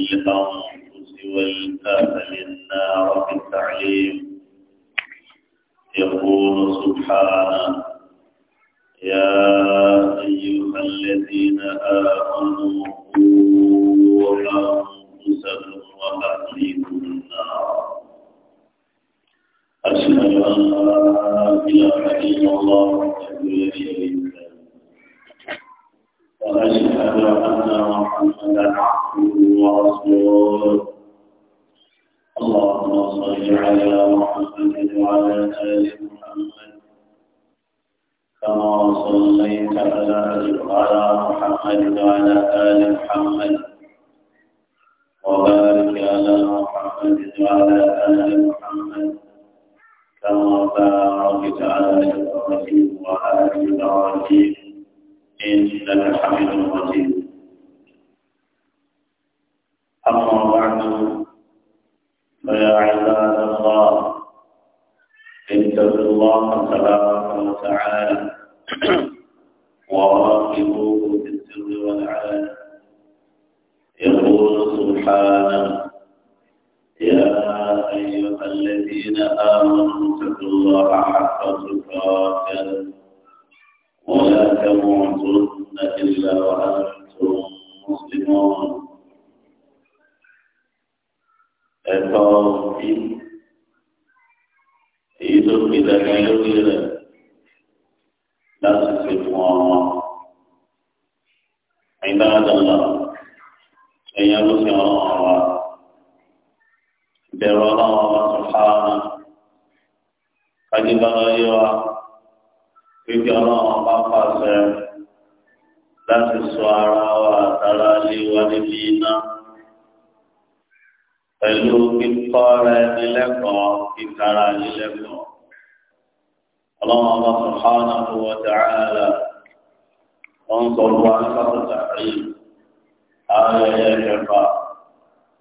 الشيطان إنك حميد مجيد أما بعد فيا عباد الله اتقوا الله تبارك وتعالى وراقبوه في السر والعلن يقول سبحانه يا أيها الذين آمنوا اتقوا الله حق تقاته ولا تموتن إلا وأنتم مسلمون التوحيد يدل إلى ما يدل لا تسلمون عباد الله أيها الله بر الله سبحانه قد بغى fífi ọlọ́run bá pàṣẹ láti sọ ara wa àtàrà lé wa níbi iná pẹ̀lú kíkọ́ ara ẹni lẹ́kọ̀ọ́ kíkara ẹni lẹ́kọ̀ọ́. ọlọ́run bá subhanahu wa ta'ala wọ́n sọ wá sábàtà rí ayẹyẹ kẹfà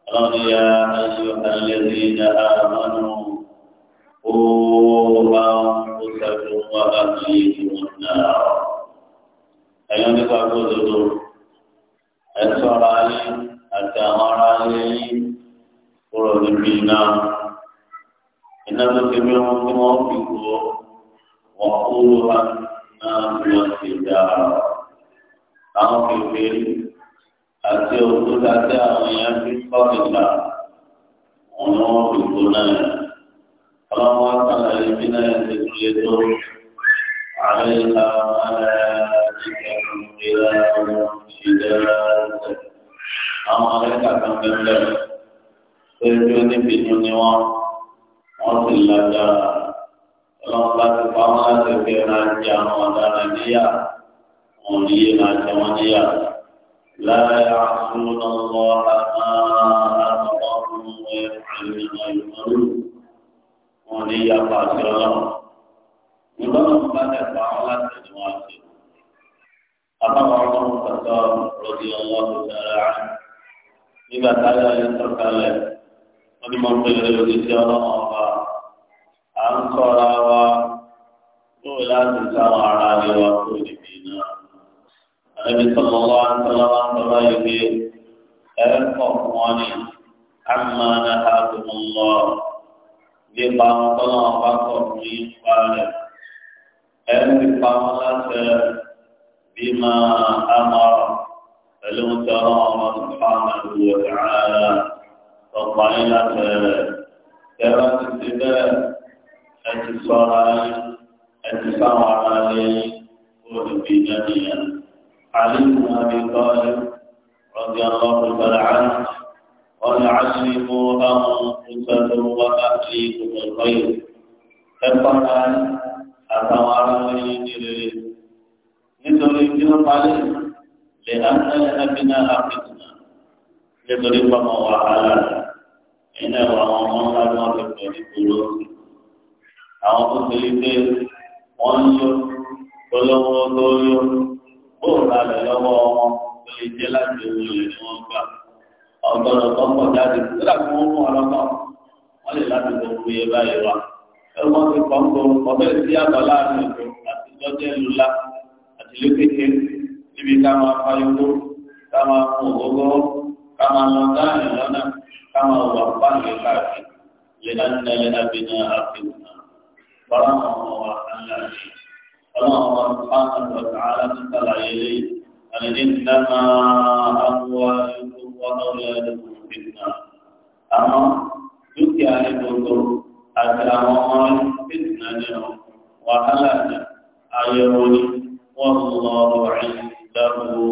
ọlọ́run yá ayé ọ̀tá lẹ́sìn ní àmánú ó تكفروا وأهليكم النار أيها الإخوة الأعزاء ẹ̀ṣọ́ ara yín àti àwọn ará ilé yín kúrò níbi iná iná tó ti bí wọn tí wọn fi kú wọn kúrò wá náà bí wọn ti dá àwọn kékeré àti òkúta tí àwọn èèyàn fi kọ́ níta wọn ni wọn fi kú náà. فما كان لبناء تجلد عليها ملائكة غلاظ شداد أمريكا كان جميلا تجلد في دنيا وفي الله ọlọ́pàá ti pa wọn láti fi máa jẹ àwọn ọ̀daràn níyà wọn ní yé máa jẹ wọn níyà láyé àtúntò lọ́wọ́ àmọ́ àtọ́kùn ẹ̀ka ìrìnà ìmọ̀lú. wọn ní yàgbà àti ọlọ́run nígbà tó ń bá dẹ̀pọ̀ àwọn láti ẹni wọn ṣe. àbáwọn ọlọ́run pàtó rọ́bì ọlọ́run dára nígbà táyà yẹn sọ̀kalẹ̀ wọ́n ní mo ń pèlè lórí sí ọlọ́run ọba à ń kọ́ra wa lóò láti sáwọn ará ilé wa kó níbi iná. àlejò sọ̀rọ̀ wa ń sọ̀rọ̀ wa ń sọ̀rọ̀ yìí pé ẹ̀ ń kọ̀ fún wọn ni àmì máa ń ha tó ń lọ. nípa ọ̀tọ́nà ọba tó fún yín nípa rẹ̀. ẹ ń fi pamọ́ láti bí máa á máa pẹ̀lú ti ọlọ́run ọmọ sùpáàmù ìlú ọ̀tàrà ọ̀pọ̀ ayé láti rẹ̀. tẹ́lá ti ti bẹ́ẹ̀ ẹ ti sọ ara yín ẹ ti sáwọn ara yín olùbí náà nìyẹn. علي بن ابي طالب رضي الله تعالى عنه قال عزموا أنفسكم وأهليكم الخير ẹ̀kọ́kan àtàwọn ará lẹ́yìn ìrírí nítorí kí wọ́n palẹ̀ lè ánálẹ̀ àbínà àfitìnà nítorí pàmò wàhálà iná ìwà àwọn ọmọ ńlá ni wọ́n ti pè ní gbòòrò àwọn tó ti rí pé wọ́n yọ gbọ́lọ́wọ́ tó yọ bóòlù alẹ́ lọ́wọ́ wọn tó lè jẹ́ láti owó ni wọ́n gbà ọgbọ́dọ̀ tó ń bọ̀ jáde nígbà tí wọ́n mú ọlọ́kọ̀ wọ́n lè láti gbogbo yẹ báyìí wa ẹ̀rọ wọn ti kọ́ ń bọ̀ ọbẹ̀ sí àbọ̀ láàrin ìlú àti jọ́jẹ́ ìlú ńlá àti ìlú kékeré níbi ká máa fa ikú ká máa fún ògógóró ká máa lọ dáhìn lọ́nà ká máa wà fáàlì káàkiri lẹ́nà nínú ẹlẹ́nà bí ní àfihàn àwọn ọmọ wa kan láàrin ọlọ́run wọn أن إنما أموالكم وأولادكم فتنة أما dúkìá-ní-gbogbo àti àwọn ọmọ fìtìnà nínú wàhálà ní àyẹ̀wò ní wọ́n lọ rìn lẹ́rù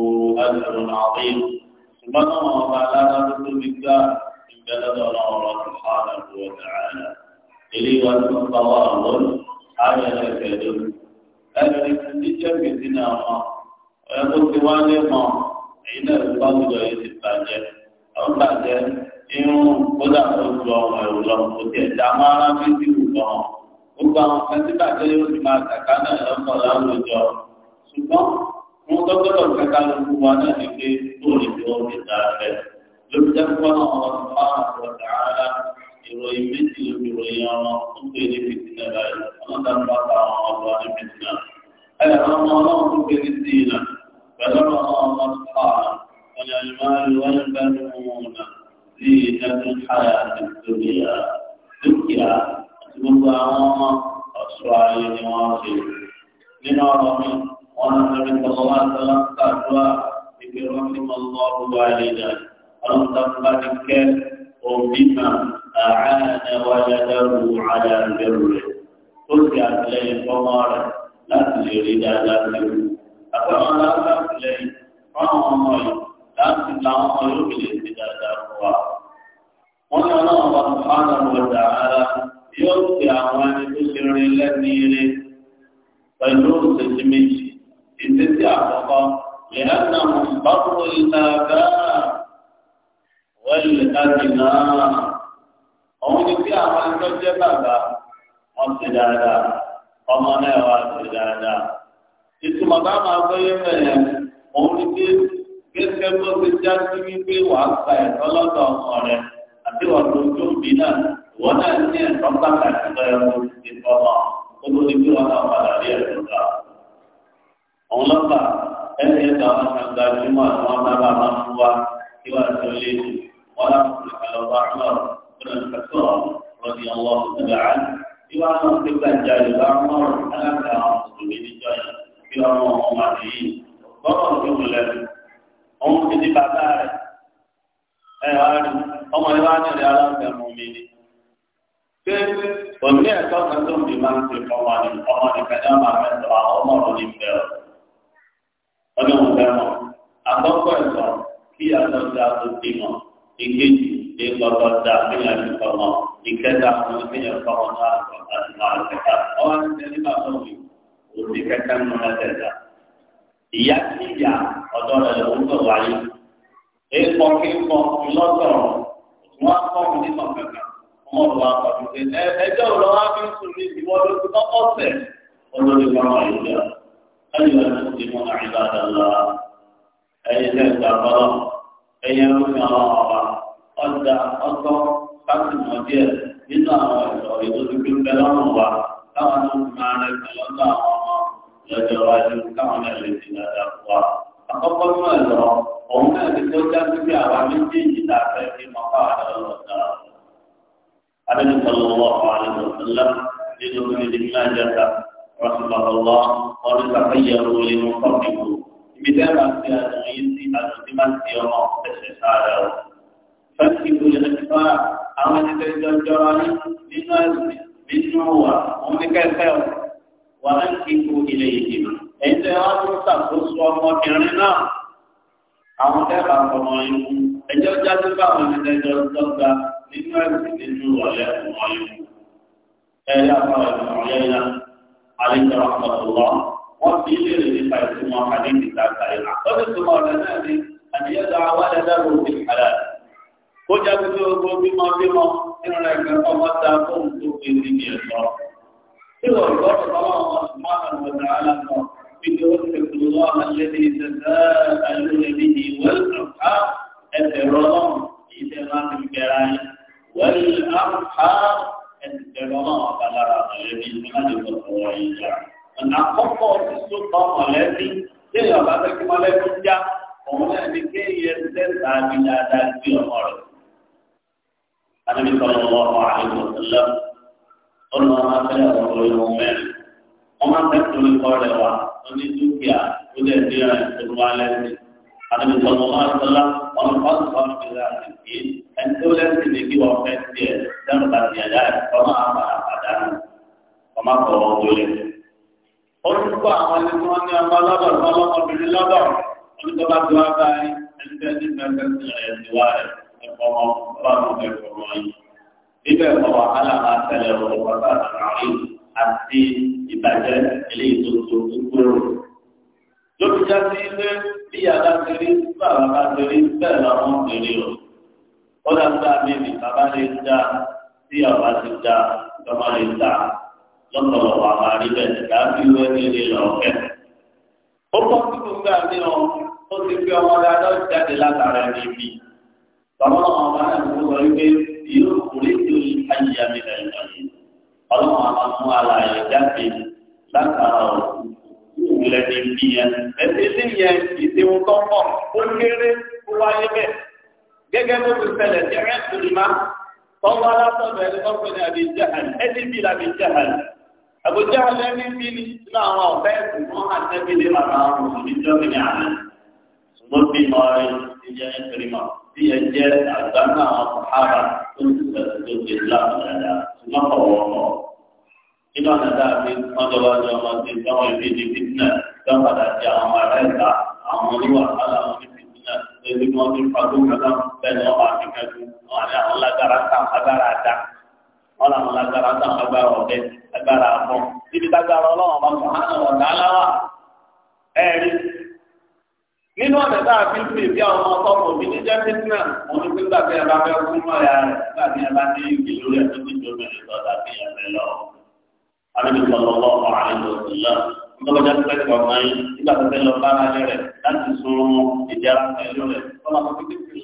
àjẹrò àwọn ìlú. ṣùgbọ́n náà wọn bá alára tó tóbi gbá ìgbẹ́lẹ́dọ̀ náà ọ̀rọ̀ tó hàn án lọ́wọ́ tààlà. ilé wa ti ń bá wa lọ́nà ayẹyẹ kẹ̀lé. ẹni tí jẹ́ fìtìnà wọn. ọ̀yọ́ tó ti wá lé mọ́ èyí náà ló bá gbọdọ̀ yìí ti bàjẹ́ àwọn bàjẹ́ irun kódà tó ju ọmọ ẹ̀rù lọ kò tiẹ̀ dá mara bí ti wù lọ gbogbo àwọn kẹsí bàjẹ́ yóò ti máa kàkà náà lọ́kọ̀ láwùjọ ṣùgbọ́n wọn gbọ́dọ̀ kàkà ló fún wa náà ní pé tó lè fi wọn fi dá rẹ̀ lórí jẹ́kọ́ ìròyìn méjì ló fi ọmọ tó pé ní fìtínà báyìí wọn náà dá nípa àwọn ọmọ ọmọ fìtínà ẹ̀ àwọn ọmọ ọlọ́run tó pé ní sí ìlànà. فذكر الله قال ولا المال والبنون زينة الحياة الدنيا دنيا gbogbo àwọn ọmọ ọ̀ṣọ́ ayé ni wọ́n ṣe nínú ọ̀rọ̀ mi wọn nàbí sọ̀rọ̀ wá sọ́lá ṣàdúrà ìgbé rọ́ọ̀mì ọlọ́ọ̀rù wa ìlẹ̀ ọlọ́mọdébá ti kẹ́ òbí náà àárín ẹwàjá dẹ́rù àjà ìbẹ̀rù rẹ̀ tó ti àtìlẹ́yìn fọ́mọ́ rẹ̀ láti lè rí dáadáa lẹ́rù. àtàwọn alágbàtìlẹ́yìn fáwọn ọmọ yìí láti làwọn ọmọ yóò fi lè ṣe dáadáa fún wa. wọ́n ní ọlọ́run bá tún máa ń lọ wọ̀dà ara yóò ṣe àwọn ẹni ni bí àwọn ẹni jẹ́ bàbá wọ́n dáadáa ọmọ náà wá ṣe dáadáa ìtumọ̀ bá máa gbọ́ yẹn bẹ̀rẹ̀ òun ni pé gẹ́gẹ́ bó ti já sí wípé wàá gba ẹ̀tọ́ lọ́dọ̀ ọmọ rẹ àti wàá tó tó bí náà ìwọ náà ní ẹ̀tọ́ pàtàkì lọ́yọ̀ tó ti ti tọ́ ọ kó tó di pé wọn náà padà rí ẹ̀tọ́ gbà. òun lọ́pàá ẹni ẹ̀tọ́ àwọn àgbà jùmọ̀ àti wọn sábà máa ń wá kí wàá tó lé wọn láti kàlọ́ bá lọ́rọ̀ kó lọ́ Ibu anak kita jadi lama, anak kita orang tu ini jadi sí ọmọ ọmọ àti yìí gbọ́dọ̀ tó wù lẹ́nu òun ti di bàbá rẹ̀ ẹ ọ̀rẹ́ ọmọ yẹn wá nílẹ̀ aláǹfẹ̀ mú mi ni. pé òní ẹ̀tọ́ kan tó ń bí máa ń ṣe fọwọ́ ni ọmọ nìkan ní ọmọ àfẹ́ sọ àwọn ọmọ ọ̀rọ̀ ní bẹ́ẹ̀ ọdún ọ̀fẹ́ mọ̀ àkọ́kọ́ ẹ̀sọ́ kí àtọ́ sí àtọ́ sí mọ̀ ìkejì ní gbọ́dọ̀ dá kéèyàn ti fọmọ ìkẹta fún kéèyàn fọmọ náà àti máa ń tẹ̀ka òbí kẹkẹ mú lẹsẹsẹ ìyá tí ìyá ọ̀dọ̀ rẹ ló ń bọ̀ wáyé èèpọ̀ kí n kọ ìlọsọ wọn kọ mi nínú kankan wọn lọ akọ mi pé ẹjọ́ lọ wá fi ń sùn ní ìwọ ló ti kọ́kọ́ sẹ olórí wọn wà yìí lọ ẹ̀yìn wọn ló ti mú àyíká dàgbà ẹ̀yìn tẹ gbàgbọ́ ẹ̀yìn ló fi àwọn ọba ọjà ọtọ káàkiri mọ díẹ̀ nínú àwọn ẹ̀ṣọ́ ìdókòwò pẹ̀lú àwọn wa táwọn tó ń máa rẹ pẹ̀lú ọ̀dọ̀ àwọn. lọ́jọ́ iwájú káwọn náà lè ti dáadáa fún wa. Àkọ́kọ́ mọ̀ lọ, òun náà ti tó já sí bí àwa méjèèjì tá a fẹ́ fi mọ fáwọn ọlọ́rọ̀ náà. Adéjú sọ̀rọ̀ wọ àwọn àlejò ńlá nínú ìdí Nàìjíríà, Rọ́sùlọ́lọ́, ọdún sàfẹ́yẹ̀ wọlé mú kọ́kìkù. Ibi tẹ́ máa nínú ẹ̀sìn nínú wà òun ní kẹ́kẹ́ وأنفقوا إليهم أنت يا تقص ومكان نعم àwọn tẹ́lá ọmọ inú ẹjọ́ jáde báwọn ẹ̀ẹ́dẹ́jọ́ dọ́gba nínú ẹ̀sìn nínú ọ̀lẹ́ ọmọ inú ẹ̀rí àpárá ìmọ̀ yẹ́yà àlejò àpọ̀tọ̀lọ́ wọ́n fi ilé rẹ̀ nípa ìtumọ̀ àdéhùn ìtàkà ìlà lọ́dún tó mọ̀ ọ̀lẹ́ náà ni àdéhùn àwọn ẹ̀dẹ́rù òfin kàdà kó jáde pé gbogbo bímọ bímọ nínú ẹ̀gbẹ́ ọmọ ta fóun tó fi ní ẹ̀sọ́ سوى الوقت سبحانه وتعالى بتوفق الله الذي تساءلون به والأرحام الإرام إتمام الكرام والأرحام الإرام على الذي سمعت والقوائد أن أقوم بالسلطة التي تلقى بعدك ملكة هنا لكي يستسعى من أداء في الأرض النبي صلى الله عليه وسلم ọlọ́run afẹ́lẹ́ ọ̀rọ̀ ìwọ̀n mẹ́rin wọ́n máa ń tẹ̀sí orí kọ́ rẹ̀ wá lóní dúkìá ó lè dé ẹ̀ ìṣòro alẹ́ sí àdébí sọ̀rọ̀ máa sọ́lá wọn kọ́ sọ́ọ́ fi ra àtìkí ẹni tó lẹ́sìn ní kí wọ́n fẹ́ sí ẹ̀ lẹ́nu tàbí ẹ̀dá ẹ̀ ọmọ àpàrà pàdánù ọmọ àpọ̀wọ́ wọlé. ó ti kọ́ àwọn ẹni tí wọ́n ní ọmọ lọ́dọ̀ ọmọbìnrin lọ́dọ̀ oníjọba tó wá báyìí ẹni tẹ́sí mẹ́fẹ́ sí ẹ̀ níbẹ̀ ọ̀wà alága tẹ̀lé ọ̀rọ̀ bàbá àrí àti ìbàjẹ́ eléyìí tó tó tó gbòòrò. lóbi já sí ilé bí yàrá ti rí bàbá bá ti rí bẹ́ẹ̀ làwọn ń pèrè o. ó dàgbà mímì bàbá lè dá tí ọba ti dá bàbá lè dá lọ́pọ̀lọpọ̀ àwọn àríbẹ̀ láti wé nílé lọ́kẹ́. ó kọ́ sí gbogbo àmì ọ ó ti fi ọmọ dáadáa jáde látara ẹni bí. bàbá ọmọ ọba náà ń sọ wípé yóò kúrè ayé amínà ìlànà ọlọ́run àwọn fún alààyè jáde látara ìwúlẹ̀ ní bí yẹn ẹsẹ̀ ilé yẹn ìdíwọ̀n tó pọ̀ ó kéré ó wáyé bẹ́ẹ̀ gẹ́gẹ́ bó ti ṣẹlẹ̀ tí ẹ̀rẹ́ sùn má tọ́wọ́ alásọ̀dọ̀ ẹni tó pè ní abidjan ẹni bí labidjan àbújá lẹ́ni bí ní sínú àwọn ọ̀fẹ́ ẹ̀sìn fún àtẹ́bílẹ̀ bàbá àwọn tí yẹn jẹ́ àgbáńgá àwọn sàhábà tó ń tẹ̀sí tó ti láàmú dáadáa ṣùgbọ́n kọ̀ wọ́pọ̀. nínú ọ̀nà dáàbí wọ́n jọba ní ọmọ ti dáwọn ibi ní fitna dáwọn padà jẹ àwọn ará ìta àwọn oníwà sálà àwọn ní fitna lórí wọn ní fagbó kankan bẹ́ẹ̀ ni wọ́n máa fi kẹ́kọ̀ọ́ wọn ní àwọn lágbára tà agbára àdá wọn làwọn lágbára tà agbára ọ̀bẹ agbára àbọ̀ níbi tágbára ọlọ́wọ́n bá sọ nínú ọ̀nà tá a fi ń pè bí àwọn ọkọ ọmọ mi ní jẹ́sítínà òun ni pípa bí ẹba fẹ́ fún ọ̀yà rẹ̀ nígbà tí ẹba ní ìgbè lórí ẹ̀sìn tí tó bẹ̀rẹ̀ sọ tàbí ẹ̀fẹ́ lọ. Àbíbi sọ̀rọ̀ lọ ọ̀rọ̀ àìlò ìlọ. Nígbàgbọ́jà ti fẹ́ sọ̀rọ̀ náà yìí nígbà tó fẹ́ lọ bá ara rẹ̀ láti sun ìdí ara rẹ̀ tọ́lá tó fi kí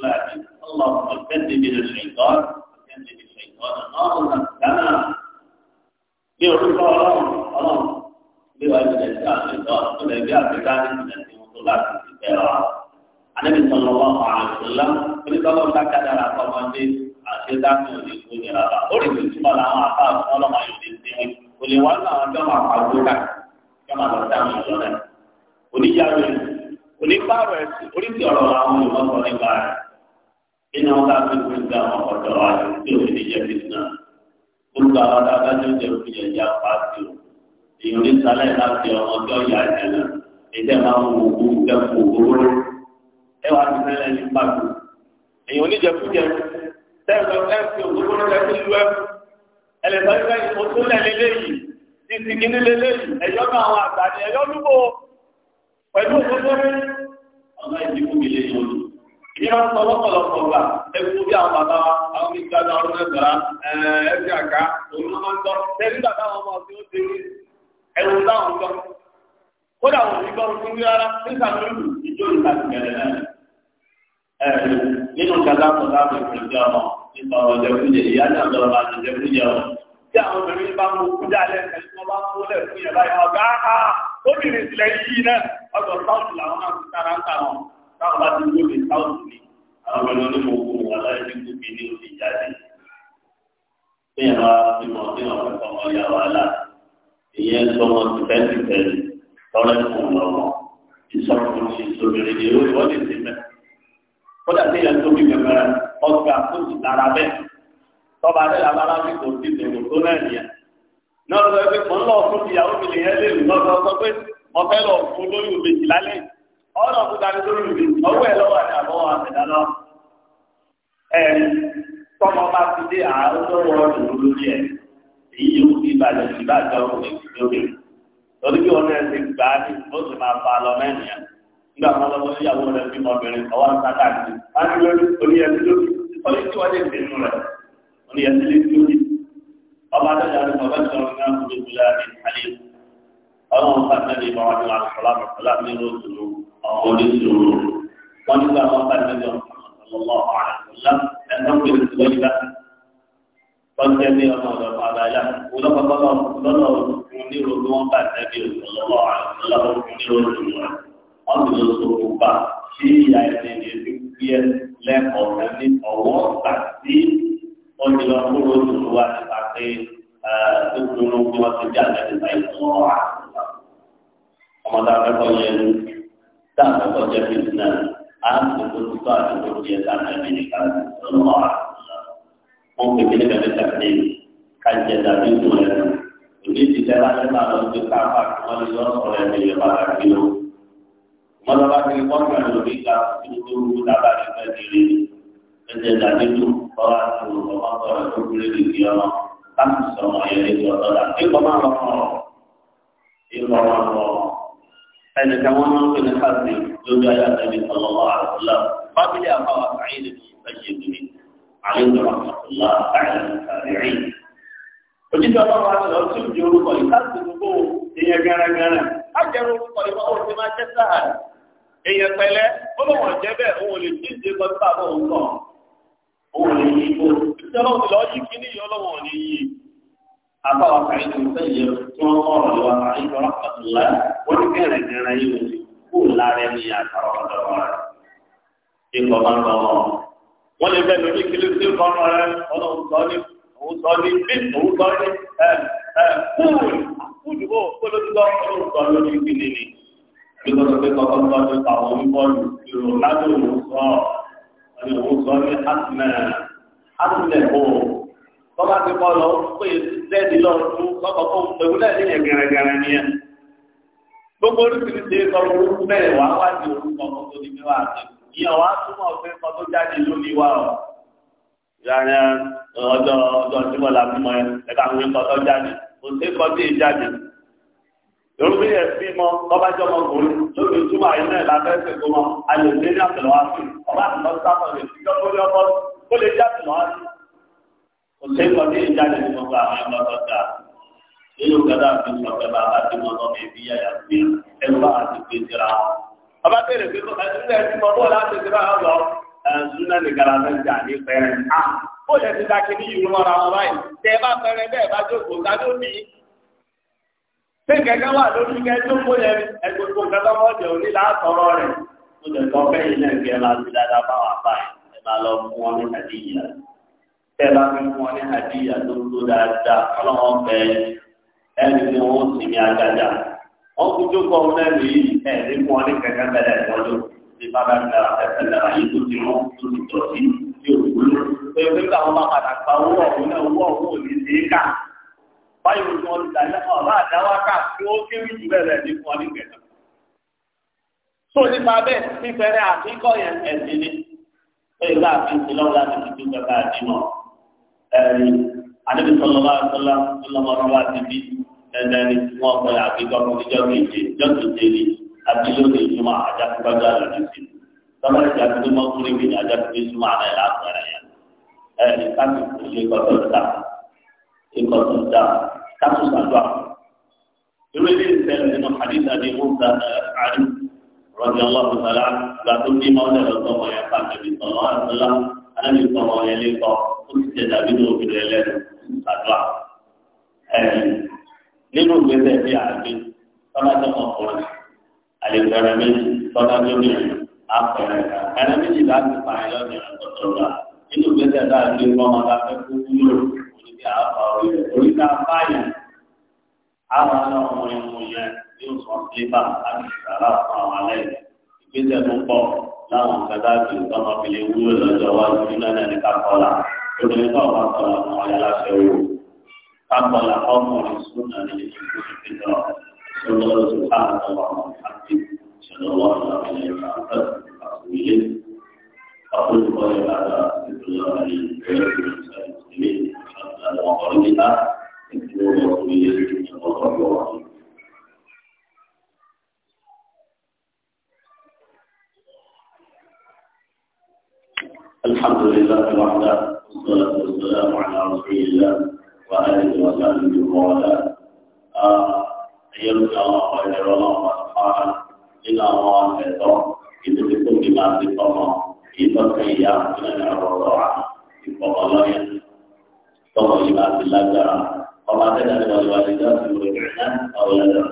láàyè tọ́lá ẹ̀rọ anabi sọlọ wà fún àlùfọlá oníkọlọ dákàdá la kọ ọmọdé àti dákùn òní kú ní rárá ó lè fi túbọ̀ làwọn afá ọlọ́mọ yóò lè ṣe wọn kò lè wá láwọn ọjọ́ máa pa owó ká kí wọn lọ sí àwọn ọjọ́ náà oníyàwó onípààrọ̀ ẹ̀sìn oríṣi ọ̀rọ̀ àwọn olùmọ̀sọ̀ nípa rẹ̀ nínú ọ̀gá tó ń gbé àwọn ọ̀dọ́ àti tí òfin ìjẹ́ fitna gbogbo àwọn adájọ́ jẹ́ òfin ìjẹ́ ìjà pàṣẹ ẹ̀jẹ̀ máa ń wò ó jẹ́ kó owó ẹ wà ní sẹ́lẹ̀ ní pàtó èyàn oníjẹkújẹ sẹ́ẹ̀sọ ẹ̀fì òkúrò rẹ̀ ti lu ẹ̀fù ẹlẹ́sọ̀ ìfẹ́ ìfòsúnlẹ̀ lélẹ́yìí títí kíní lélẹ́yìí ẹ̀yọ́ náà àwọn àgbà ni ẹ̀yọ́ lúbọ̀ pẹ̀lú òkúrò ọ̀nà ìdìbò mi lè yọjú ìyá ń sọ lọ́pọ̀lọpọ̀ gbà ẹkú bí àwọn bàbá wa àwọn mi gbàdá ọdún ẹgbẹ̀rá ẹ̀ẹ́dì àká òun ló máa ń tọ́ tẹ́lí bàbá wọn mọ̀ sí kódà wọn ò gbọ́ fún mi rárá nígbà tó lù ìjọ ìta ti náà. ẹ nínú kàtà kọ̀tà mi kò ọmọ nípa ọ̀jẹ̀ fúnjẹ ìyá náà lọ́wọ́ bá ti jẹ́ fúnjẹ tí àwọn obìnrin bá mú kú dálẹ̀ ẹni tó bá mú lẹ̀ yẹn báyìí ọ̀gá á obìnrin tilẹ̀ yìí náà ọ̀dọ̀ sáùtù làwọn náà ti tara ń ta wọn táwọn bá ti gbóbi sáùtù ni àwọn ọmọ ní mo kú wọn láì ní gbóbi ní òbí jáde. bí yàrá ti mọ̀ sí ọ̀rọ̀ ọmọ yàrá là ìyẹn sọmọ tìfẹ́ tìfẹ́ ni lọ́lá tó ń lọ́wọ́ ìsọ̀rọ̀ tó ń ṣe sóbìrì ni èrò ìwọ́n lè ṣe mẹ́. kódà tí ìyẹn tóbi gbẹgbẹrẹ ọgbà tó ti dára bẹ́ẹ̀ tọ́ba rẹ̀ abala bí kò sí tòkò tó náà nìyẹn. náà lọ́wọ́ pé mò ń lọ fún ìyàwó mi lèyẹn lè lù lọ́sọ̀ sọ pé mo fẹ́ lọ fún lóyún ìbejì bá ti dé àárọ̀ lọ́wọ́ ọ̀dùn lórí ẹ̀ èyí yóò fi ìbàdàn ìbàdàn ọkùnrin lórí rẹ̀ torí bí wọn náà ti gbà á ní ó sì máa fa lọ mẹ́rin yẹn nígbà wọn lọ sí ìyàwó rẹ bí ọbìnrin ọwọ́ ń sáká sí wọn ní lórí oníyẹsí lórí oní tí wọn lè dé nù rẹ oníyẹsí lè dé lórí ọba dájà ní bàbá ìṣòro ní àwọn olùdókòwò láti àlè ọlọ́run pàṣẹ ní ìbọn àti àṣọlá àṣọlá ní lóṣùlù ọ̀hún oníṣòro wọn nígbà wọn pàṣẹ ní ọ̀hún ọ̀hún ọ̀hún ọjọ́ ní ọmọ ọ̀dọ̀ bàbá yá lọ́nà òkun ní wọn bá tẹ́lẹ̀ òṣèlú ọlọ́wọ́ òkun ní ronú wọn wọ́n lọ sọ fún sí ìyá ẹni ní ẹbí kúyẹ lẹ́kọ̀ọ́ ẹni ọ̀wọ́ gbà sí ọjọ́ lọ fún ronú wa nípa pé ẹ̀ẹ́dẹ́gbẹ̀rún bí wọ́n ti jà lẹ́nu báyìí lọ́wọ́ wa. ọmọdé akẹ́kọ̀ọ́ yẹn dáàbò kọjá fìdí náà àti tó wọn pè mí nígbà mẹ́ta pé kájẹ dàbí ìdùn rẹ òní ti tẹ láti máa lọ sí káfà kí wọn lè lọ sọ̀rọ̀ ẹni yẹn bá rà bí lọ. mọlọ bá ti wọn gbà lórí ìgbà tí mo tó wú lábà ní fẹjìrì ẹjẹ dàbí dùn ọwọ́ àti olùkọ́ sọ̀rọ̀ tó kúrẹ́ lè fi ọmọ láti sọ̀rọ̀ yẹn lè sọ̀rọ̀ dà ikọ máa lọ fọ ikọ máa lọ ẹnì kan wọn máa ń pè ní káàsì lórí ayé àtẹnì sọlọ wà á lọ bábílì àbáwá sàyìn ní ìfẹsẹ̀ ìdùnnú عليه رحمة الله أعلى التابعين وجد الله عز وجل جورو قلبات النبوة هي جانا جانا أجروا قلبة أول ما تسهل هي فلا ولو جبه هو اللي جد قلبة الله هو اللي يقول ترى لا يمكن يلوم عليه أبا سعيد المسيب ثم قال له عليه رحمة الله وكان جانا يوسف كل عالمية ترى الله إن الله wọ́n lè fẹ́ lórí kí ló ti ń fọ́nrán rẹ ọlọ́run sọ ní òun sọ ní bí òun sọ ní ẹ ẹ kúùn kúùn ó kó ló ti lọ ọlọ́run sọ lórí kí ni ni nítorí pé kọ́kọ́ sọ ní àwọn oníbọ́ọ̀lù ìrò lábẹ́ òun sọ ní òun sọ ní asmẹ̀ asmẹ̀ o bọ́lá ti kọ́ lọ pé bẹ́ẹ̀ni lọ fún lọ́kọ̀ fún ewu ní yẹn gẹ̀rẹ́gẹ̀rẹ́ ni ẹ gbogbo oríṣiríṣi sọ fún bẹ́ẹ̀ wá wá di orúkọ tó ní bí wàá tẹ̀lé ìyẹn wàá túmọ̀ pé kan tó jáde lónìí wa ọ̀ ìlànà ọjọ́ ọjọ́ ìdíbọ̀ la fi mọ ẹ̀ka àwọn ìkọ̀ tó jáde kò sí kọ́ sí ìjáde lórí ẹ̀ sí mọ ọba jọ mọ kò lórí túmọ̀ àyínà ẹ̀ lábẹ́ ẹ̀sẹ̀ kó mọ ayò ní ní àtẹ̀lọ́ wá sí ọba àti lọ sáfọ̀ lè fi kọ́ lórí ọkọ ó lè já àtẹ̀lọ́ wá sí kò sí kọ́ sí ìjáde ní gbogbo àwọn ẹ̀kọ́ tó ga nínú gàdá àti ìṣọ̀kẹ́ bá àti mọ́tọ́ mi bí yàyà sí ẹ̀rọ àti gbèsè ra wọn ọba bẹ̀rẹ̀ pé kó ẹ̀sùn ẹ̀sùn mọ̀ bó láti ṣe bá lọ ẹ̀sùn náà nìkan la fẹ́ jà ní pẹ́rẹ́ à bó lẹ ti dákẹ́ ní ìlú mọ́ra wọn báyìí tẹ bá pẹ́rẹ́ bẹ́ẹ̀ bá jókòó ká ló ní. ṣé kẹ̀kẹ́ wà lórí kẹjọ kó yẹ ẹgbẹ̀gbọ̀n kẹtọ́ mọ́ jẹ òní látọ̀rọ̀ rẹ̀ ó lè tọ́ fẹ́yìn náà kí ẹ máa ti dáadáa bá wà báyìí ẹ máa lọ fún wọn ní àdíyà tẹ bá fi fún wọn ní àdíyà tó tó ọkùn tó kọ ọmọ náà nìyí ẹ lè mú ọ ní kẹkẹ bẹ̀rẹ̀ ìwọlú ní bàbá mi náà ẹsẹ̀ náà yìí tó ti rán tó ti tọ sí ní òwúlò pé pé kí àwọn bá padà gba owó ọ̀hún náà owó ọ̀hún ò ní sí ká báyìí ojú ọdún tàbí ọ̀rá àdáwà ká tí ó kéwì jù bẹ̀rẹ̀ ní fún ọ ní tó nípa bẹ́ẹ̀ fífẹ́rẹ́ àfikọ́ yẹn ẹ̀sìn ni dandan ni tí wọ́n gbọ́dọ̀ àbí gbọ́dọ̀ níjọ́ méje jọ́sìn tẹ̀lé àbí lónìí ìjùmọ̀ àjàkúgbàgbà lòdì sí i tọ́lá ìjà tó mọ́ fún ibi ìdájọ́ tó fi súnmọ́ àná ìlà àpẹẹrẹ yẹn ẹ ẹ káàtó kò ṣe ikọ̀ tó dá ikọ̀ tó dá káàtó sàdúrà irú ilé ìṣẹ̀lẹ̀ nínú hadith àti ìmúta àdú rọ̀bì ọlọ́run sàlá gba tó ní mọ́tẹ́ lọ́tọ́ wọn yẹn fàṣẹ bí sọ̀rọ̀ àtúlá anábì sọ wọn ó sì tẹ̀ nínú ìgbésẹ̀ bí àgbẹ̀ tọ́lá tó kọ̀ fún ẹ àlejòrè méjì tọ́lá tó bí àpẹẹrẹ ẹni méjì láti pa ẹ lọ́dẹ ọ̀tọ̀ wa nínú ìgbésẹ̀ náà ní ọmọ láfẹ́ kú wúlò orí bí àpá orí orí ká báyà àwọn ọmọ ẹmu yẹn yóò sọ pípa láti sàrà fún àwọn alẹ́ ìgbésẹ̀ tó pọ̀ láwọn kẹta tó tọmọ fi lè wúlò lọ́jọ́ wájú nínú ẹni ká kọ́lá obìnrin náà bá kọ́lá fún ọyá láṣẹ wò. فقال قوم رسولنا للإسلام الفطرة صلى الله سبحانه وتعالى صلى الله عليه وسلم أقول قولي هذا بسم الله العليم ويكفي المسلمين حتى لو قرنها يكفرون رسولية الله ورحمه الحمد لله وحده والصلاة والسلام على رسول الله وآله وسلم وعلى أيامنا وخير الله سبحانه إلى ما أنزل إذا بكل ما تفهم إذا كان من الرضاعة فضلايا فضل ما في الله وما كان للوالدات يرجعن أولادهن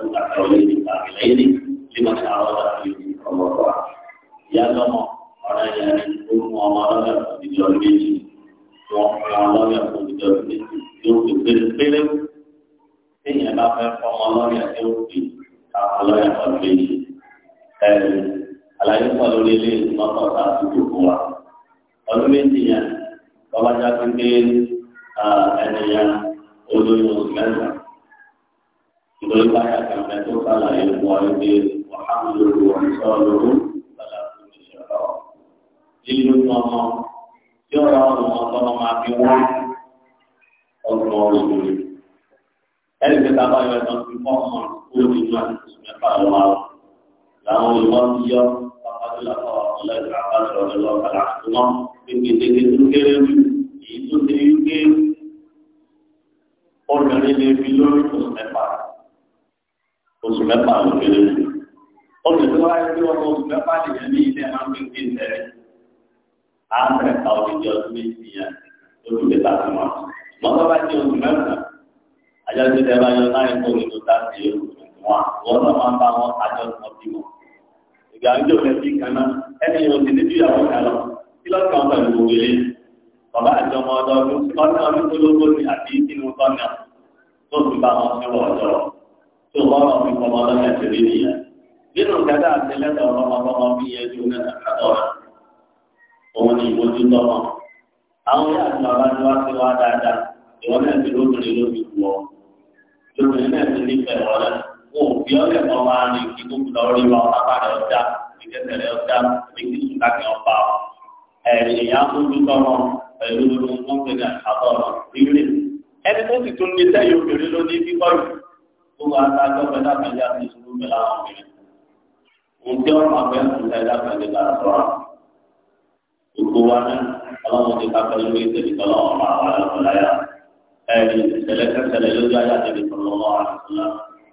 oṣù mẹ́fà ló kéré sí. oṣù tó wáyé bí wọn oṣù mẹ́fà nìyẹn ní ilé máa ń fi gbé ìtẹ̀rẹ̀. a ń tẹ̀ ká odidi ọdún méjì yẹn lóṣù mẹ́ta fún wa. mọ́tò bá ti oṣù mẹ́fà àjọ ti tẹ́ bá yọ láì kó nínú dáàbì oṣù tuntun wa wọ́n náà máa ń bá wọn àjọ tó bí wọn. ìgbà ń jò lẹ́bí kan náà ẹni yóò ti níbi ìyàwó kan lọ kí lọ́sàn bàbá àjọ ọmọ ọdọọdún ọdún ọdún tó lóko ní àbí inú tọ́nà tó fi bá wọn ṣẹ́wọ̀ ọjọ́ tó bọ́rọ̀ fi kọ́ ọmọ lọ́yà ti rí nìyẹn. nínú gàdá àti lẹ́tọ̀ ọlọ́mọbọ́mọ bí yẹn ju náà àtọ́ra òun ni ìbójú tọ́mọ. àwọn yóò àti bàbá ni wá sí wá dáadáa ìwọ náà ti lóbìnrin ló fi wọ lóbìnrin náà ti nífẹ̀ẹ́ wọlé wọn ò fi ọlẹ́ kan máa rìn kí tó kù lọ́rí wa pápá rẹ̀ ọjà ìkẹsẹ̀ ọjà ìkísùn láti ẹni tó sì tún ní sẹ́yìn obìnrin ló ní bíbọ́ yìí gbogbo àtàgbọ́ pẹ̀lú àpẹẹrẹ àti ìṣòro pẹ̀lú àwọn obìnrin. Ǹjẹ́ ọ̀rọ̀ àgbẹ̀ ń tẹ̀lé àpẹẹrẹ lára sọ́ra? Gbogbo wa ní ọlọ́run ti ká pẹ̀lú ìtẹ̀lé tọ́lọ́ ọmọ àwọn alákọ̀ọ́láyà. Ẹ̀rí ìṣẹ̀lẹ̀ kẹsẹ̀lẹ̀ lójú ayé àtẹ̀lé tọ́lọ́ ọmọ àtúnlá.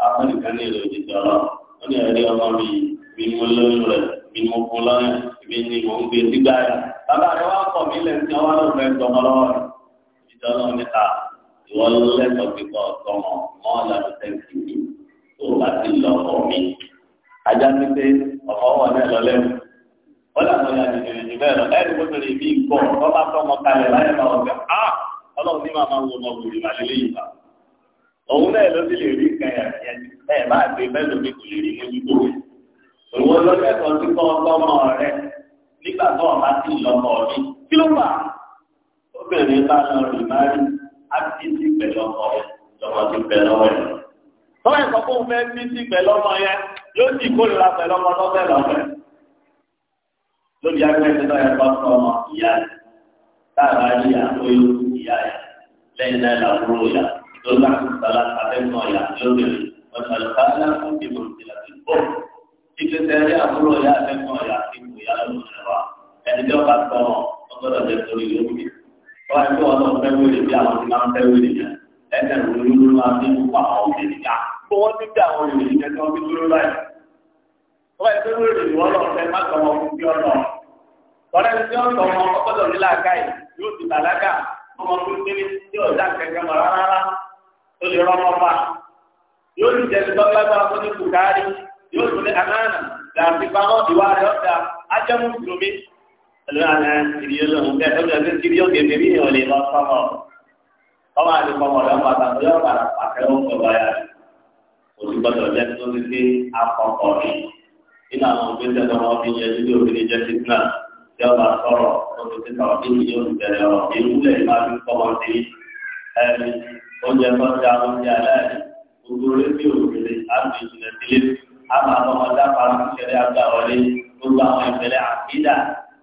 Afẹ́nìkan ní ìlú ìdíje ọlọ́. Ó ní ẹ̀rí ọmọ mi mi mú lóyún rẹ̀ mi mú fún lọ́yìn mi ni mò ń gbé sígbà rẹ̀. Bàbá rẹ̀ wá kọ̀ mí lẹ́sìn ọwọ́ lọ́fẹ̀ẹ́ tọmọ lọ́wọ́ rẹ̀. Ìjọ náà ní ìwọ lẹ́tọ̀ọ́ kíkọ́ tó bá ti lọ ọ̀pọ̀ mi. ajá pé ọ̀pọ̀ wọn náà lọ lẹ́nu wọ́n làwọn ya ti bèrè jù bẹ́ẹ̀ lọ ẹ̀rí kó wọ́n bá tọ́ ọmọ kalẹ̀ láyé ọlọ́run ní màmá wo ọmọ wòlíì màlẹ́ bá òun náà ló ti lè rí kẹyà bá bẹ́ẹ̀ àti ti pẹ̀lú ọmọ rẹ̀ lọ́mọ ti pẹ̀lú ọmọ rẹ̀. tọ́wọ́ ẹ̀kọ́ fún fẹ́ bí ti pẹ̀lú ọmọ yẹn yóò ti kórìíra pẹ̀lú ọmọ lọ́fẹ́ lọ́fẹ́. lórí agbẹ́sẹ̀ náà ẹ̀kọ́ sọ ọmọ ìyá rẹ̀ káàrà yí àtọ́yó ìyá rẹ̀ lẹ́yìn náà làbúrò yà lórí àkùsàlà àtẹ́gbọ̀n yà lóbìnrin ọ̀sán ìgbésẹ̀ rí àbúrò yà wọ́n ti wọ́n lọ fẹ́ wẹ̀lẹ̀ bí àwọn ti máa ń fẹ́ wẹ̀lẹ̀ yẹn ẹ̀ẹ́dẹ̀ lórí ló máa fi ń pa àwọn obìnrin ká tó wọ́n ti bí àwọn obìnrin yẹn tó wọ́n fi dúró láì. wọ́n ti fẹ́ wẹ̀lẹ̀ ni wọ́n lọ fẹ́ má tọ́ wọn fún bí ọ̀nà. ọ̀rẹ́ ti ń tọ́ wọn ọgbọ́dọ̀ nílá káì yóò ti bàlágà ọmọ tó ń tí ọ̀dà kẹ̀kẹ́ mọ̀ rárá yóò ti jẹ́ bukari yóò tún ní amáàna làǹtí pamọ́ ìwà rẹ̀ ọ̀dà ajẹ́mú ẹlòmíràn náà kiri yóò lòun bẹ́ẹ̀ tó lọ sí kiri yóò gègé bí ìwọlé lọ sọmọ ọmọ àti kọmọ rẹ ọmọ àtàkùn yóò padà pàtẹ ọkọ báyà òsì gbọ́dọ̀ jẹ tó ti fi akọkọ mi nínú àwọn òpinṣẹ tó wọn fi yẹn níbi òfin jẹ sísúná tí ọba sọ̀rọ̀ oṣù tí kàwọn bí yóò ti bẹ̀rẹ̀ ọ àkídà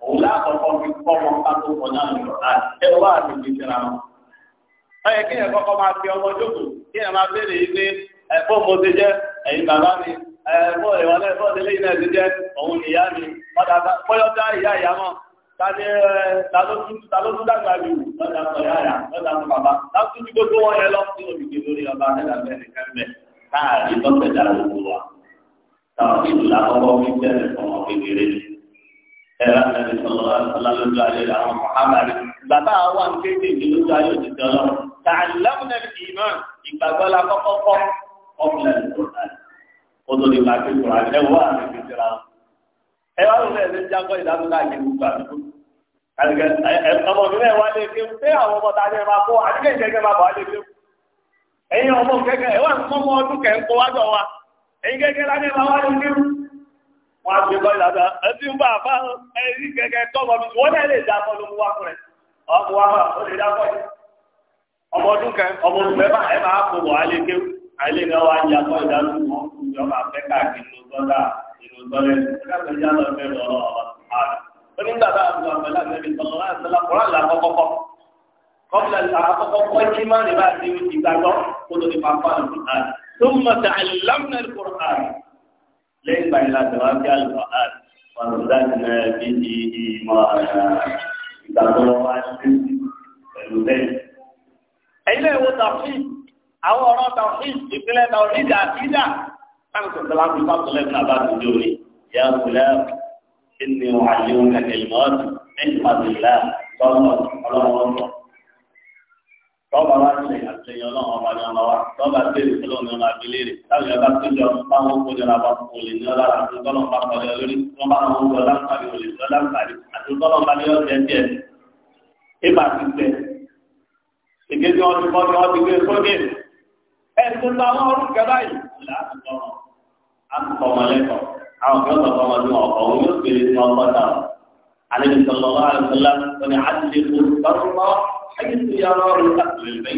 òun lákọ̀ọ́kọ́ fi kọ́ wọn ká tó kọjá lọ ẹ wá àgbègbè síra wọn. ó kí ẹ kọ́kọ́ máa fi ọmọ jókòó kí ẹ máa béèrè yìí pé ẹ mo ti jẹ́ ẹ̀yin bàbá mi ẹ fọ́ náà fọ́ ìdílé yìí náà ti jẹ́ òun ìyá mi padà bọ́yọ́ dá ìyá ìyá mọ́ tani ẹ talóṣù dàgbà mi wò lọ́dà sọ ìyá ìyá bàbá láti ní gbogbo wọn yẹn lọ sí òdìgbè lórí ọba ẹ̀dàgbẹ́ nìkan bẹ̀ káàdì tọ́pẹ̀ dàrú wa. táwọn ẹ̀rọ àti ọlọ́lọ́lọ́lọ́ ayé àwọn Muhammad bàbá wa ń kéde ìlú ayé òjijì ọlọ́run tààlámùnà ìmọ̀ ìgbàgbọ́ la kọ́kọ́ kọ́ ọkùnrin ìkọ̀ọ̀dà kótó ní bàbá ìkọ̀ọ̀dà ẹ wá àti ìdíra ẹ wá lórí ẹ̀ ń jágbọ́ ìdámúlá àti ìgbà ọmọ mi náà wá lé fi pé wọ́n á gbé bọ́ ìlànà ẹbí ń bá a bá ẹni kẹ̀kẹ́ tọ́mọ mi wọ́n náà lè dá bọ́ ló mú wá fún rẹ̀ ọmọ wa máa ó lè dá bọ́ yìí ọmọ ọdún kẹ ọmọ ọdún mẹ́fà ẹ máa kó wọ́n alẹ́ kéwù alẹ́ náà wá ya bọ́ ìdánù mọ́ ìjọba fẹ́ káàkiri ló gbọ́dá ìlú gbọ́dẹ́ káàkiri yá lọ fẹ́ lọ́wọ́ ọ̀rọ̀ onígbà bá àbúrò àbẹ̀lá àbẹ̀lẹ̀ sọ̀rọ̀ àṣẹlá kọ́ra là kọ́kọ́kọ́ kọ́bílà lẹ́yìn ìgbà yẹn láti wá sí àlùfáà wọn lọ láti náà bí i ìmọ̀ ìgbàgbọ́ wa ṣe pẹ̀lú bẹ́ẹ̀. ẹ̀yin náà wo tàfíì àwọn ọ̀rọ̀ tàfíì ìpínlẹ̀ tàfíì dàbídà káàkiri sọ̀tẹ̀ láti fà sọ̀lẹ̀ fún abájú lórí ìyá kùlẹ̀ ẹni wàlẹ́ òun kẹ̀kẹ́ ìmọ̀ ọ̀dùn ẹ̀yìn pàdé ìlà tọ́lọ̀ ọlọ́wọ́ tọ́ba wá ṣe àtẹ̀yìn ọlọ́run ọba ní ọmọ wa tọ́ba béèrè fúlọ́ ní ọmọ abilérè láti ọba tó jọ báwọn kó jọra bá kó lè ní ọlára àti tọ́lọ́n bá kọlẹ̀ lórí wọ́n bá wọn wọ láǹkàrí olè lọ láǹkàrí àti tọ́lọ́n bá ní ọ̀sẹ̀ díẹ̀ ìbá ti tẹ̀. ìgbé tí wọ́n ti bọ́ ni wọ́n ti gbé sókè ẹ̀sùn táwọn orúkẹ báyìí láti tọrọ àti tọmọ lẹ́kọ̀ọ́ àwọn kan sọ fọmọ ní ọkọ̀ òun yóò gbé e ní ọkọ̀ náà ẹ̀yìn tó yà lọ rẹ̀ láti lè lè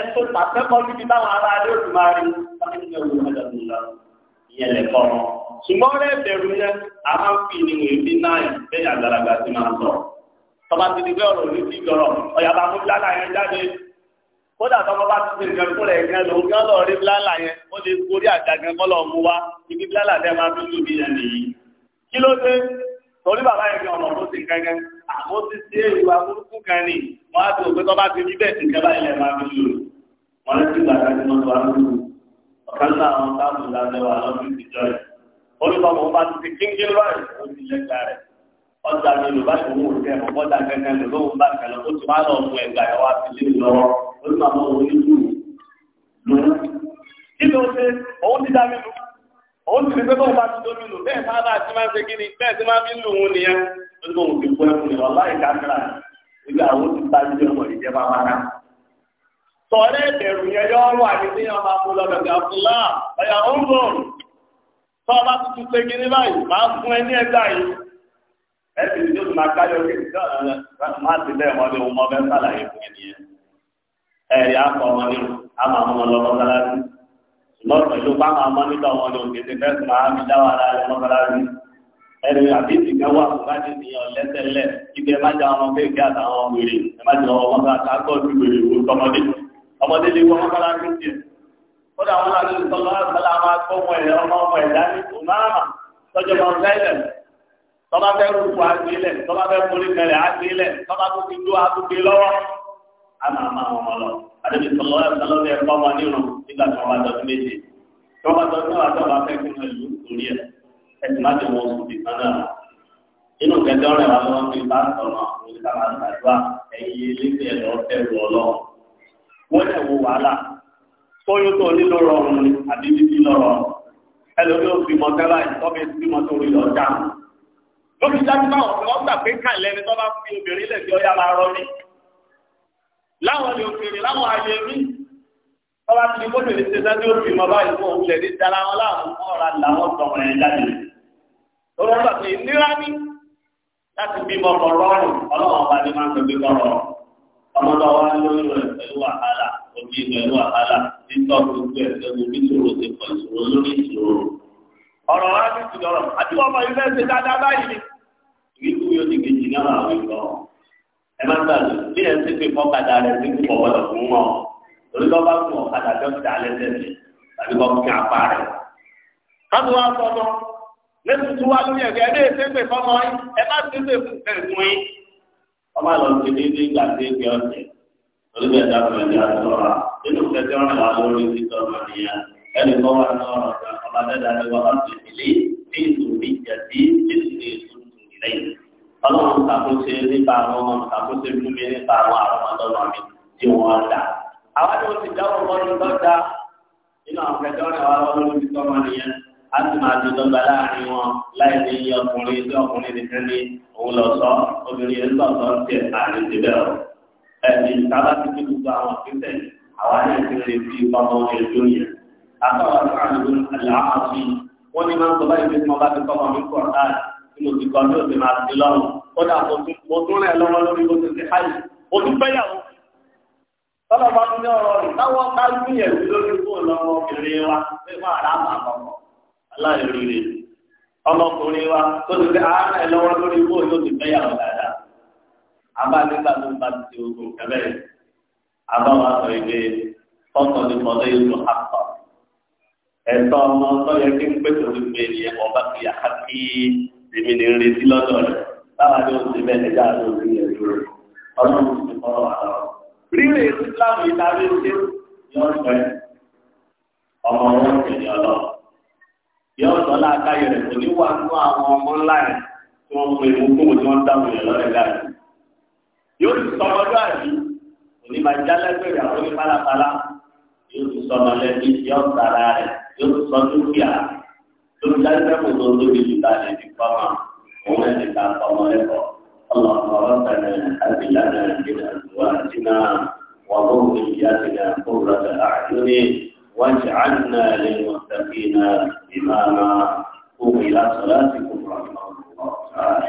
ẹ̀sùn tàfẹ́kọ́ níbi táwọn ará ilé òtún máa rí láti ní ẹ̀wù ọ̀dọ̀dún lọ ìyẹn lẹ́kọ́ wọn. ṣùgbọ́n rẹ̀ bẹ̀rù yẹn a máa ń fi ìnìwò ìdí náà bẹ́ẹ̀ àgbàlagbà ti máa ń sọ. tọ́ba ti di bẹ́ẹ̀ ọ̀rọ̀ ní ti jọrọ̀ ọ̀yà bá fún bílálà yẹn jáde kódà tọ́ba bá ti sèǹkẹ́ fúnra ẹ̀ gan lòun gan lọ́ọ̀rí bílálà yẹn ó lè gorí àjàgán kọ́ lọ́ọ̀ mú wa ibi bílálà tẹ́ máa kí ló torí bàbá yẹn fi ọ̀nà ọ̀rọ̀ sí gẹ́gẹ́ àmọ́ ti ṣe ìwà burúkú kan ni wọ́n á ti òpin tó bá ti rí bẹ́ẹ̀ nìkan báyìí lẹ́ẹ̀ máa fi lò wọ́n á ti gbàgbá tí wọ́n tó àlùkù ọ̀kan náà àwọn táàbù lálẹ́wà lọ́dún ìjọ rẹ̀ olùkọ́ bá ti ti kíngin lọ́rẹ̀ ó ti lẹ́gbà rẹ̀ ọjà mi lò bá ti mú òkè ọmọdé akẹ́kẹ́ lò lóhùn bá kẹlẹ̀ ó ti máa lọ mú ẹgbà òun ti pé tóun bá ti dómi lò bẹ́ẹ̀ máa bá ti máa ń ṣe kí ni bẹ́ẹ̀ ti máa fi ń lò wọn nìyẹn ó ti bóun ti kú ẹkùn ní ọlá ìdámẹ́ra ìgbà àwọn ti bá ọmọ máa rà. yẹn yọ ọ́rùn àdìsí ó ń bọ̀ bá ṣe kí ni báyìí máa fún ẹ ní lọ́rùn ìlú pápá mọ́nítọ̀ wọn ló ti ti fẹ́ sùn máa fi dáwà ara rẹ̀ mọ́kànlárí ẹni àbí ìsìnká wà fún láti nìyàn lẹ́sẹ̀lẹ̀ ibi ẹ má jẹ àwọn kéèké àtàwọn wèrè ẹ má jẹ àwọn ọmọ ká gọ́ọ̀dù wèrè wo tọmọdé ọmọdé lè wọ mọ́kànlárí tiẹ̀ kódà wọn láti sọ lọ́sọ̀lá máa kó ọmọ ẹ̀ ọmọ ọmọ ẹ̀ dání òmáàmà tọ́jú ọmọ sẹ́lẹ̀ tọ́ba fẹ́ rúkú àgbélẹ̀ tọ́ba fẹ́ forí kẹlẹ̀ àgbélẹ̀ tọ́ba tó ti dó àtúgbé lọ́wọ́ àdébí sọlọ ẹsẹlọ ní ẹ̀kọ́ ọmọ nírun nígbà tí wọn bá dọdún méje tí wọn bá dọdún méwàá tó bá fẹ́ kí wọn lù lórí ẹ ẹsìn má ti wọn oṣù ti kan náà inú kẹjọ rẹ wà lọ sí bá sọnà òṣìṣẹ́ máa gbàdúrà ẹyẹ lẹsẹ ẹ lọ fẹ́ wọ lọ wọn lè wo wàhálà sọyún tó nílò rọrùn ni àbí bíbí ẹlòmí láwọn ilé òkèèrè láwọn ààyè mí ọba tí kò lè ṣe sẹ́ni òfin mọ́ báyìí fún òun lè ní dára wọn láwọn fún ọ̀rá làwọn tọkùnrin ẹ̀ jáde lórí wọn gbàgbé nira ní láti bímọ ọkọ̀ rọrùn ọlọ́wọ́n ọba ní máa ń tẹ̀lé kọ́rọ̀ ọmọdé wa lórí rẹ̀ pẹ̀lú wàhálà òbí pẹ̀lú wàhálà títọ́ gbogbo ẹ̀ lẹ́nu bí tòrò ti pọ̀ ìṣòro lórí ìṣòro ọ̀rọ̀ wa ti ti dọ̀rọ̀ àti wọn mọ ilé ṣe dáadáa báyìí ìwé kúrò ti kejì náà àwọn ìlọ ẹ má gbà lò bí ẹ ti fi fọ́kadà rẹ̀ ti kú bọ̀wọ́lọ̀ fún wọn olùkọ́ bá fún ọ̀kadà tó ti alẹ́ tẹ̀lé tàbí kọ́ kí apá rẹ̀. káàdùn wa sọ lọ lẹ́sùn tí wà lórí ẹ̀gẹ́ ẹ ti fi fọ́mọ yín ẹ má ti fi fún ẹ̀gbọ́n yín. wọ́n má lọ sí déédéé gbà dé ibi ọ̀sẹ̀ olùkọ́ fún ẹ̀dá sọ̀rọ̀ nínú kẹtẹ́ ọlọ́run ṣàkóso nípa àwọn ọmọ ṣàkóso fún mi nípa àwọn àrọ́mọdọ́mọ mi tí wọ́n dà. àwọn tí wọ́n ti dáwọ́ bọ́ọ̀lù lọ́dà nínú àwọn kẹjọ rẹ̀ wá lọ́wọ́ lórí tọ́mọ nìyẹn a sì máa di dọ́gba láàrin wọn láì ní iye ọkùnrin tí ọkùnrin nìkan ní òun lọ sọ obìnrin yẹn lọ sọ tiẹ̀ àárín ti bẹ́ẹ̀ o. ẹ̀mí ti fi gbogbo àwọn kíkẹ́ àwa náà ti lè fi ọmọ ẹ̀dùn ní òbí kan ní òbí máa ti lọ́rùn ó dà mo tún rẹ̀ lọ́wọ́ lórí bó ti ti háyì ó ti fẹ́yàwó. tọ́lá bá tún ní ọ̀rọ̀ rẹ̀ táwọn ká gbìyànjú lórí fóònù lọ́wọ́ obìnrin wa pé máa rà máa kọ̀ọ̀kan aláìríire ọmọkùnrin wa tó ti fi àárẹ̀ rẹ̀ lọ́wọ́ lórí fóònù ó ti fẹ́yàwó dáadáa. àbá nígbà tó ń bá ti ti ogun kẹ́lẹ́ àbá èmi ní retí lọ́dọ̀ rẹ̀ táwa ní oṣù bẹ́ẹ̀ nígbà tó ń rí ẹ̀rọ rẹ̀ ọdún tó kọ́rọ̀ wà lọ. rírè ìsìláàmù ìdarí ṣe yọ̀ọ̀fẹ́ ọmọ wọn tẹ̀lé ọlọ́ yọ̀ọ̀tọ́ láàkáyọ̀ rẹ̀ kò ní wà nínú àwọn ọmọ ńlá rẹ̀ tí wọ́n pe ìmúkúmù tí wọ́n dáhùn yẹn lọ́rẹ̀ láàyè. yóò ti sọ ọjọ́ àbí onímọ̀jálẹ́gbẹ̀rẹ̀ àwọn onímọ̀lápàlá yóò ti sọ ọmọlẹ́bí yọ̀ọ̀tara rẹ̀ yóò ti sọ dúkìá lórí dájúdá kò tó tóbi jù tá a lè fi pamọ́ òun ẹ̀ ti ta ọmọ ẹ̀kọ́ اللهم ربنا هب لنا من ازواجنا وذرياتنا قرة اعين واجعلنا للمتقين اماما قوموا الى صلاتكم رحمه الله تعالى